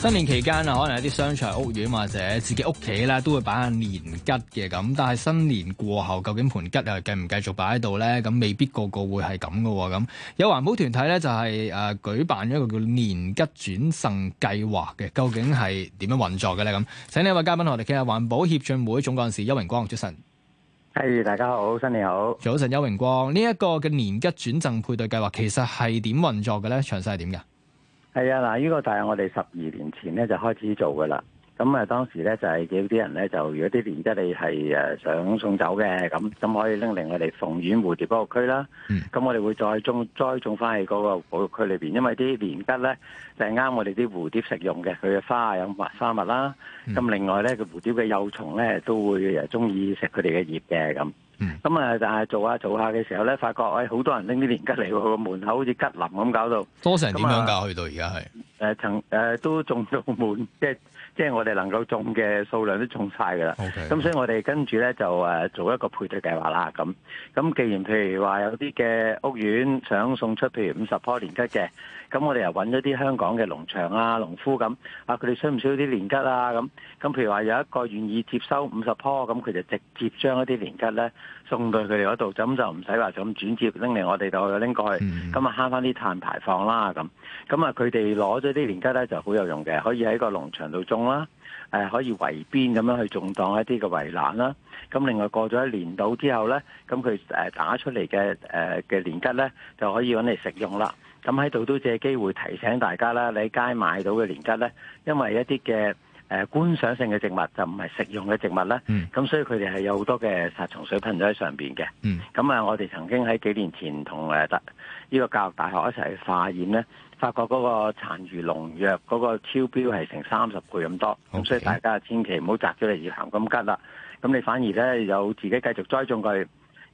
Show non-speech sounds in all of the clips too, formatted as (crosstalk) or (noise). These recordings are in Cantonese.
新年期間啊，可能有啲商場、屋苑，或者自己屋企咧，都會擺下年桔嘅咁。但係新年過後，究竟盆桔又繼唔繼續擺喺度咧？咁未必個個會係咁嘅咁。有環保團體咧，就係、是、誒、呃、舉辦咗一個叫年桔轉贈計劃嘅。究竟係點樣運作嘅咧？咁，請呢位嘉賓同我哋傾下環保協進會總幹事邱榮光，早晨。係、hey, 大家好，新年好。早晨，邱榮光。呢、這、一個嘅年桔轉贈配對計劃，其實係點運作嘅咧？詳細係點嘅？係啊，嗱，呢個就係我哋十二年前咧就開始做噶啦。咁啊，當時咧就係叫啲人咧，就如果啲年桔你係誒想送走嘅，咁咁可以拎嚟我哋鳳園蝴蝶保護區啦。咁我哋會再種栽種翻喺嗰個保育區裏邊，因為啲年桔咧就係、是、啱我哋啲蝴蝶食用嘅，佢嘅花有蜜花蜜啦。咁另外咧，佢蝴蝶嘅幼蟲咧都會誒中意食佢哋嘅葉嘅咁。咁啊！嗯、但係做下做下嘅時候咧，發覺誒好多人拎啲年桔嚟個門口，好似桔林咁搞到多成點樣搞去到而家係。嗯誒、呃，曾誒、呃、都種到滿，即係即係我哋能夠種嘅數量都種晒㗎啦。咁 Okay. 所以我哋跟住咧就誒做一個配對計劃啦。咁咁既然譬如話有啲嘅屋苑想送出譬如五十棵年桔嘅，咁我哋又揾咗啲香港嘅農場啊、農夫咁啊，佢哋需唔需要啲年桔啊？咁咁譬如話有一個願意接收五十棵，咁佢就直接將一啲年桔咧送到佢哋嗰度，就咁就唔使話就咁轉接拎嚟我哋度拎過去，咁啊慳翻啲碳排放啦。咁咁啊，佢哋攞咗。呢啲年桔咧就好有用嘅，可以喺個農場度種啦，誒可以圍邊咁樣去種當一啲嘅圍欄啦。咁另外過咗一年度之後咧，咁佢誒打出嚟嘅誒嘅年桔咧就可以搵嚟食用啦。咁喺度都借機會提醒大家啦，你喺街買到嘅年桔咧，因為一啲嘅，誒、呃、觀賞性嘅植物就唔係食用嘅植物啦，咁、嗯啊、所以佢哋係有好多嘅殺蟲水噴咗喺上邊嘅。咁、嗯、啊我哋曾經喺幾年前同誒大呢個教育大學一齊去化驗咧，發覺嗰個殘餘農藥嗰個超標係成三十倍咁多，咁 Okay.、啊、所以大家千祈唔好摘咗嚟要行咁吉啦，咁你反而咧有自己繼續栽種佢。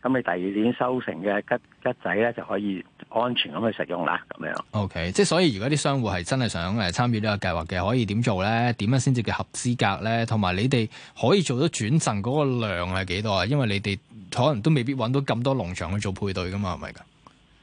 咁你第二年收成嘅桔桔仔咧就可以安全咁去食用啦，咁樣。OK，即係所以，如果啲商戶係真係想誒參與呢個計劃嘅，可以點做咧？點樣先至叫合資格咧？同埋你哋可以做到轉贈嗰個量係幾多啊？因為你哋可能都未必揾到咁多農場去做配對噶嘛，係咪㗎？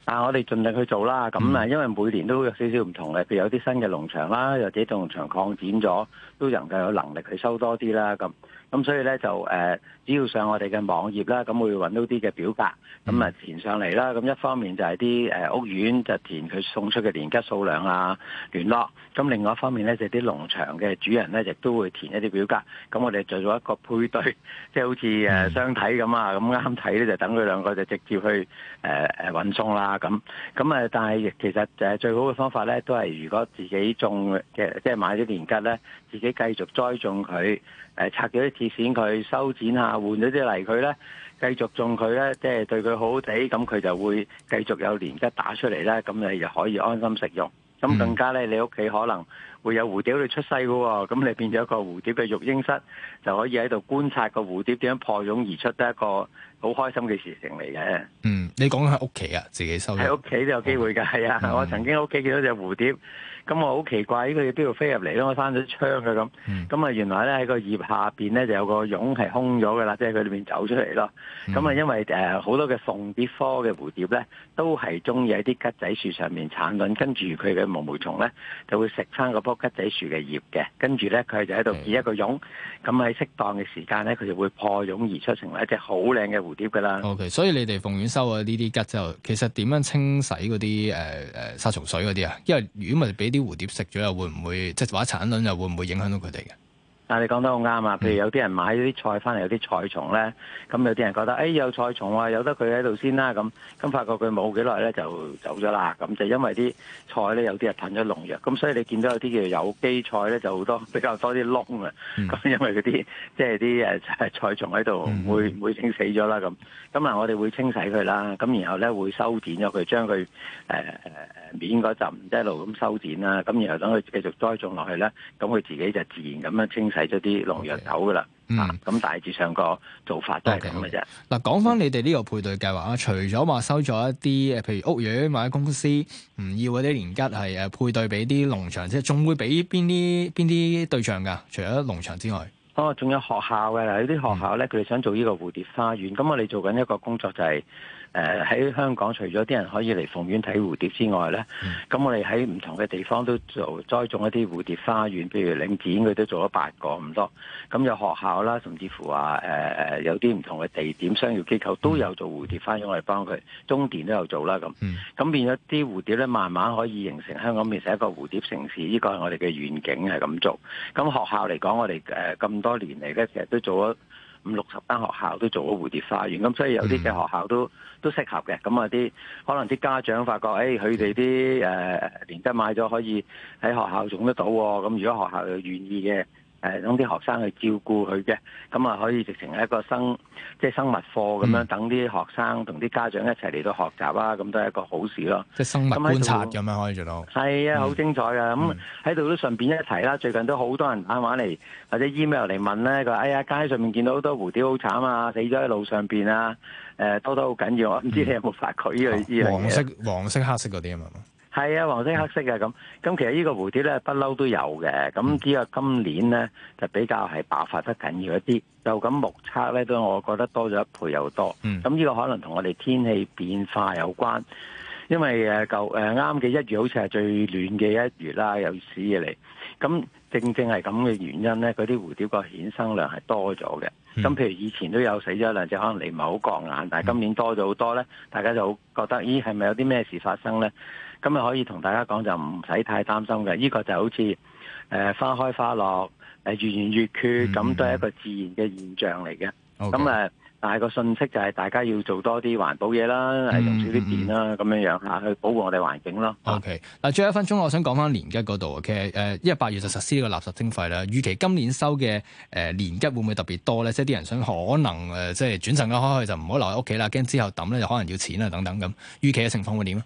啊，我哋盡力去做啦。咁啊、嗯，因為每年都有少少唔同嘅，譬如有啲新嘅農場啦，又或者農場擴展咗，都能夠有能力去收多啲啦。咁。咁所以咧就誒、呃，只要上我哋嘅網頁啦，咁會揾到啲嘅表格，咁啊填上嚟啦。咁一方面就係啲誒屋苑就填佢送出嘅年桔數量啊，聯絡，咁另外一方面咧就啲、係、農場嘅主人咧亦都會填一啲表格。咁我哋做咗一個配對，即係好似誒相睇咁啊，咁啱睇咧就等佢兩個就直接去誒誒、呃、運送啦咁。咁啊，但係其實誒最好嘅方法咧，都係如果自己種嘅，即係買啲年桔咧，自己繼續栽種佢誒、呃、拆咗啲。切剪佢，修剪下，換咗啲泥，佢咧，繼續種，佢咧，即係對佢好啲，咁佢就會繼續有年桔打出嚟咧，咁你就可以安心食用，咁更加咧，你屋企可能。會有蝴蝶嚟出世嘅喎，咁你變咗一個蝴蝶嘅育嬰室，就可以喺度觀察個蝴蝶點樣破蛹而出，得一個好開心嘅事情嚟嘅。嗯，你講喺屋企啊，自己收喺屋企都有機會㗎，係啊，我曾經屋企見到隻蝴蝶，咁我好奇怪，呢個要邊度飛入嚟咧？我閂咗窗嘅咁，咁啊原來咧喺個葉下邊咧就有個蛹係空咗嘅啦，即係佢裏邊走出嚟咯。咁啊因為誒好多嘅鳳蝶科嘅蝴蝶咧，都係中意喺啲桔仔樹上面產卵，跟住佢嘅毛毛蟲咧就會食翻個吉仔樹嘅葉嘅，跟住咧佢就喺度結一個蛹，咁喺適當嘅時間咧，佢就會破蛹而出，成為一隻好靚嘅蝴蝶噶啦。Okay，所以你哋鳳園收咗呢啲桔之後，其實點樣清洗嗰啲誒誒殺蟲水嗰啲啊？因為如果咪俾啲蝴蝶食咗又會唔會，即係話產卵，又會唔會影響到佢哋嘅？你講得好啱啊！譬如有啲人買咗啲菜翻嚟，有啲菜蟲咧，咁有啲人覺得，哎，有菜蟲啊，由得佢喺度先啦，啊，咁咁發覺佢冇幾耐咧就走咗啦，咁就因為啲菜咧有啲人噴咗農藥，咁所以你見到有啲叫有機菜咧就好多比較多啲窿啊，咁、嗯、因為嗰啲即係啲誒菜蟲喺度會會整死咗啦咁，咁啊我哋會清洗佢啦，咁然後咧會修剪咗佢，將佢誒誒面嗰層，呃就是、一路咁修剪啦，咁然後等佢繼續栽種落去咧，咁佢自己就自然咁樣清洗咗啲農藥走噶啦，嗯，咁 Okay.、啊、大致上個做法都係咁嘅啫。嗱，講翻你哋呢個配對計劃啊，除咗話收咗一啲，誒，譬如屋苑或者公司唔要嗰啲年桔係誒配對俾啲農場，即係仲會俾邊啲邊啲對象噶？除咗農場之外，哦，仲有學校嘅，嗱，有啲學校咧，佢哋想做呢個蝴蝶花園，咁我哋做緊一個工作就係、是。誒喺、呃、香港，除咗啲人可以嚟鳳園睇蝴蝶之外咧，咁、嗯、我哋喺唔同嘅地方都做栽種一啲蝴蝶花園，譬如領展佢都做咗八個咁多，咁有學校啦，甚至乎話誒誒有啲唔同嘅地點，商業機構都有做蝴蝶花園，我哋幫佢，中電都有做啦咁，咁變咗啲蝴蝶咧，慢慢可以形成香港變成一個蝴蝶城市，呢個係我哋嘅願景，係咁做。咁學校嚟講，我哋誒咁多年嚟咧，其實都做咗。五六十間學校都做咗蝴蝶花園，咁所以有啲嘅學校都都適合嘅。咁啊，啲可能啲家長發覺，誒、哎，佢哋啲誒，連得買咗可以喺學校種得到喎。咁如果學校又願意嘅。誒，等啲學生去照顧佢嘅，咁啊可以直情係一個生，即係生物課咁樣，等啲學生同啲家長一齊嚟到學習啊，咁都係一個好事咯。即係生物觀察咁樣可以做到。係啊，好精彩啊。咁喺度都順便一提啦，最近都好多人打電話嚟，或者 email 嚟問咧，佢話：哎呀，街上面見到好多蝴蝶好慘啊，死咗喺路上邊啊！誒、呃，多多好緊要啊，唔知你有冇發覺依樣依樣嘢？黃色、黃色、黑色嗰啲係咪？係啊，黃色、黑色啊。咁，咁其實個呢個蝴蝶咧不嬲都有嘅，咁只係今年咧就比較係爆發得緊要一啲，就咁目測咧都我覺得多咗一倍又多，咁呢、嗯、個可能同我哋天氣變化有關，因為誒舊誒啱嘅一月好似係最暖嘅一月啦，有史以嚟，咁正正係咁嘅原因咧，嗰啲蝴蝶個衍生量係多咗嘅，咁、嗯、譬如以前都有死咗兩隻，可能嚟唔係好覺眼，但係今年多咗好多咧，嗯嗯、大家就好覺得咦係咪有啲咩事發生咧？咁日可以同大家講就唔使太擔心嘅，呢、這個就好似誒、呃、花開花落、誒月圓月缺咁，越越都係一個自然嘅現象嚟嘅。咁誒，但係個信息就係大家要做多啲環保嘢啦，嗯、用少啲電啦，咁樣樣吓，去保護我哋環境咯。OK，嗱，最後一分鐘，我想講翻年桔嗰度啊。其實誒，因、呃、八月就實施呢個垃圾徵費啦，預期今年收嘅誒、呃、年桔會唔會特別多咧？即係啲人想可能誒、呃，即係轉贈開去就唔好留喺屋企啦，驚之後抌咧就可能要錢啊等等咁。預期嘅情況會點咧？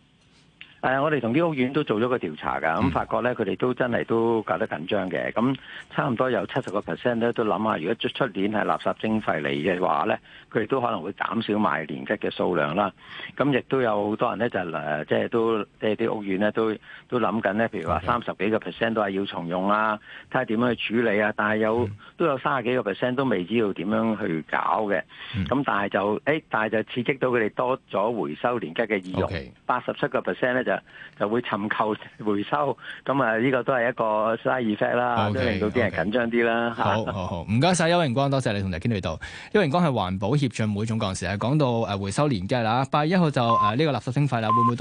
係啊，我哋同啲屋苑都做咗個調查㗎，咁、嗯、發覺咧佢哋都真係都搞得緊張嘅，咁差唔多有七十個 percent 咧都諗下，如果出年係垃圾徵費嚟嘅話咧，佢哋都可能會減少買年桔嘅數量啦。咁亦都有好多人咧就誒、是，即係都即係啲屋苑咧都都諗緊咧，譬如話三十幾個 percent 都係要重用啊，睇下點樣去處理啊。但係有、嗯、都有三十幾個 percent 都未知道點樣去搞嘅，咁、嗯嗯、但係就誒、欸，但係就刺激到佢哋多咗回收年桔嘅意欲，八十七個 percent 咧就，呢就會尋求回收，咁啊呢個都係一個 side effect 啦，都 Okay, okay. 令到啲人緊張啲啦。好 (laughs) 好好，唔該晒邱榮光，多謝你同大家傾到。邱榮光係環保協進會總幹事，係講到誒回收年桔啦，八月一號就誒呢、呃這個垃圾徵費啦，會唔會都？